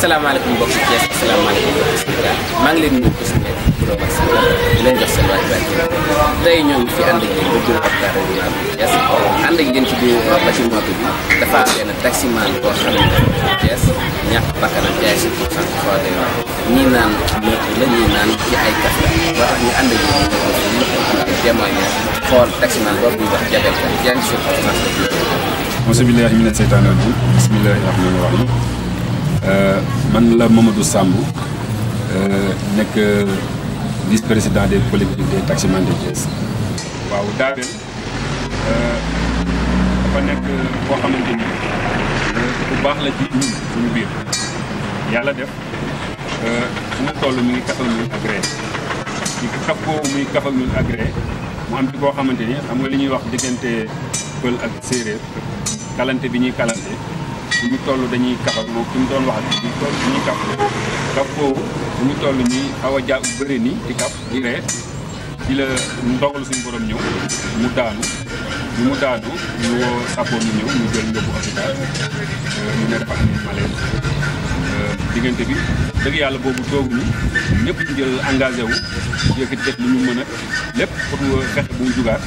asalaamaaleykum mbokk ci Thiès asalaamaaleykum mbokk Sénégal maa ngi leen nuyu ko si nekk Boulogh ak Sénégal tey ñoo fi ànd ak yéen ba bureau ci biir bâtiment bi dafa am benn taximan boo xam ne Thiès ñàkk bakkanam jaay si pour cent trois naan moto naan ci ay kaf la ba tax ñu ànd ak yéen ñu xool taximan boobu ñuy wax jabel kan jaay si pour cent trois day wax. mosabilillahi bismillahi rahmani rahim Euh, man la Mamadou Samb euh, nekk vice président des collectivités taximan de Thiès. waaw daabel euh, dafa nekk koo xamante ni bu baax la ci ñun suñu biir yàlla def fu mu toll mi ngi kafal ñun agréé ci mu am ci koo xamante ni xam nga li ñuy wax diggante pël ak séeréer kalante bi ñuy kalante bu ñu toll dañuy kaf ak moom ki mu doon wax ak bu ñu toll dañuy kaf bu ñu toll nii aw a jàpp bëri ni di kaf di ree di la ndogalu suñu borom ñëw mu daanu mu daanu ñu woo sappoon ñëw ñu jël yóbbu hôpital euh, ñu ne dafa am malaise euh, diggante bi dëgg yàlla boobu tooguñu ñëpp ñu jël engagé wu yëkkati def li ñu mën lépp pour euh, fexe bu mu jugaat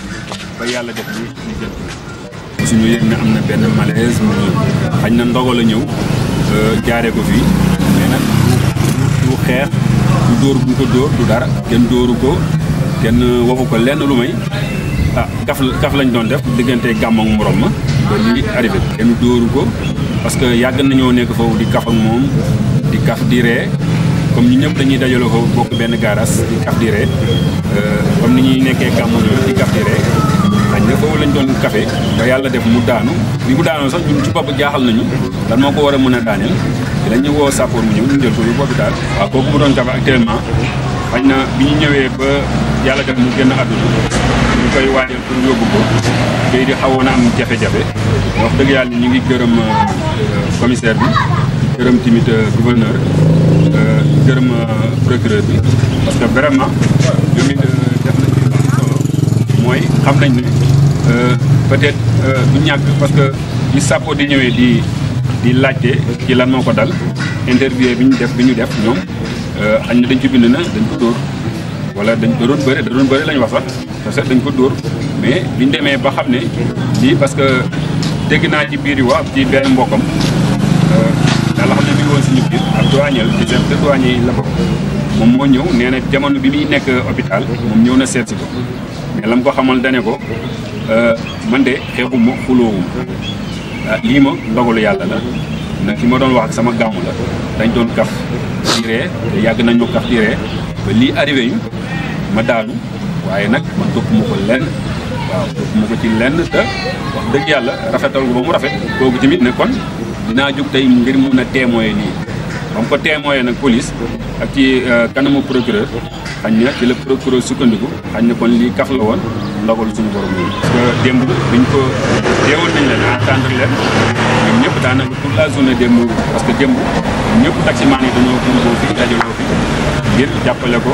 ba yàlla def li jël suñu yëg ne am na benn malaise mu xañ na ndogal a ñëw euh, jaaree ko fii mais nag du xeex du dóor bu ko dóor du dara kenn dóoru ko kenn waxu ko lenn lu may ah kaf kaf lañ doon def diggante gàmm moroom morom ma ba lii arrivé kenn dóoru ko parce que yàgg nañoo nekk foofu di kaf ak moom di kaf di ree comme ñu ñëpp dañuy dajaloo foofu bokk benn gaaras di kaf di ree euh, comme ni ñuy nekkee gàmm ñoom di kaf di ree xam ne boobu lañ doon café ba yàlla def mu daanu li mu daanoo sax ñun ci bopp jaaxal nañu lan moo ko war a mën a daaneel dinañu woo sappoor mu ñëw ñu jël ko yóbbu hôpital waaw kooku mu doon café actuellement xañ na bi ñu ñëwee ba yàlla def mu génn àdduna ñu koy waajal pour yóbbu ko day di xawoon a am jafe-jafe wax dëgg yàlla ñu ngi gërëm euh, commissaire bi gërëm tamit euh, gouverneur euh, gërëm procureur bi parce que vraiment ñoom it mooy xam nañ ne euh, peut-être euh, du ñàkk parce que li sàppo di ñëwee di di laajte ci lan moo ko dal interview bi ñu def bi ñu def ñoom xañ euh, na dañ ci bind na dañ ko dóor wala dañ ko doon bëre da doon bëre lañ wax sax parce que dañ ko dóor mais ñu demee ba xam ne lii parce que dégg naa ci biir yi waa ci benn mbokkam yàlla xam ne mi ngi woon suñu biir ak douanier ci chef de douanier la bokk moom moo ñëw nee na jamono bi muy nekk hôpital moom ñëw na seet si ko mais lam ko xamal dane ko euh, man de xeexuma xuloowuma euh, lii ma ndogalu yàlla la nag ki ma doon wax ak sama gàmm la dañ doon kaf di te yàgg nañoo kaf di ree ba lii arrivé ñu ma daanu waaye nag man topp ma ko lenn waaw topp ma ko ci lenn te wax dëgg yàlla rafetal ko ba mu rafet kooku tamit ne kon dinaa jóg tey ngir mun a témoigner nii ba mu ko témoigner nag police ak ci euh, kanamu procureur xañ na ci la procureur sukkandiku xañ na kon lii kaf la woon ndogal suñu borom yi parce que démb dañ ko deewoon nañ leen entendre leen ñoom ñëpp daanaka pour la journée démb parce que démb ñëpp taximaan yi dañoo gumboo fi dajaloo fi ngir jàppale ko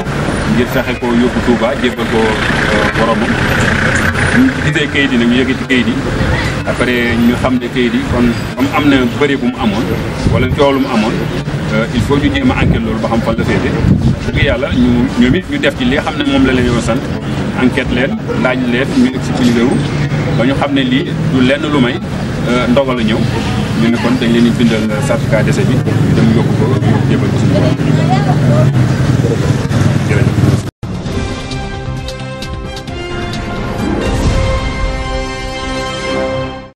ngir fexe ko yóbbu Touba jébbal ko euh, boromam ñu gisee kayit yi nag ñu yëkkati kayit yi après ñu xam ne kayit yi kon comme am na bëri bu mu amoon walla coow lu mu amoon euh, il faut ñu jéem a enquête loolu ba xam fan la de dëgg yàlla ñu ñoom it ñu def ci li nga xam ne moom la leen yoo sant enquête leen laaj leen ñu expliqué wu ba ñu xam ne lii du lenn lu may euh, ndogal a ñëw ñu ne kon dañ leen di bindal certificat décès bi dem yóbbu ko yóbbu jébal ko suñu borom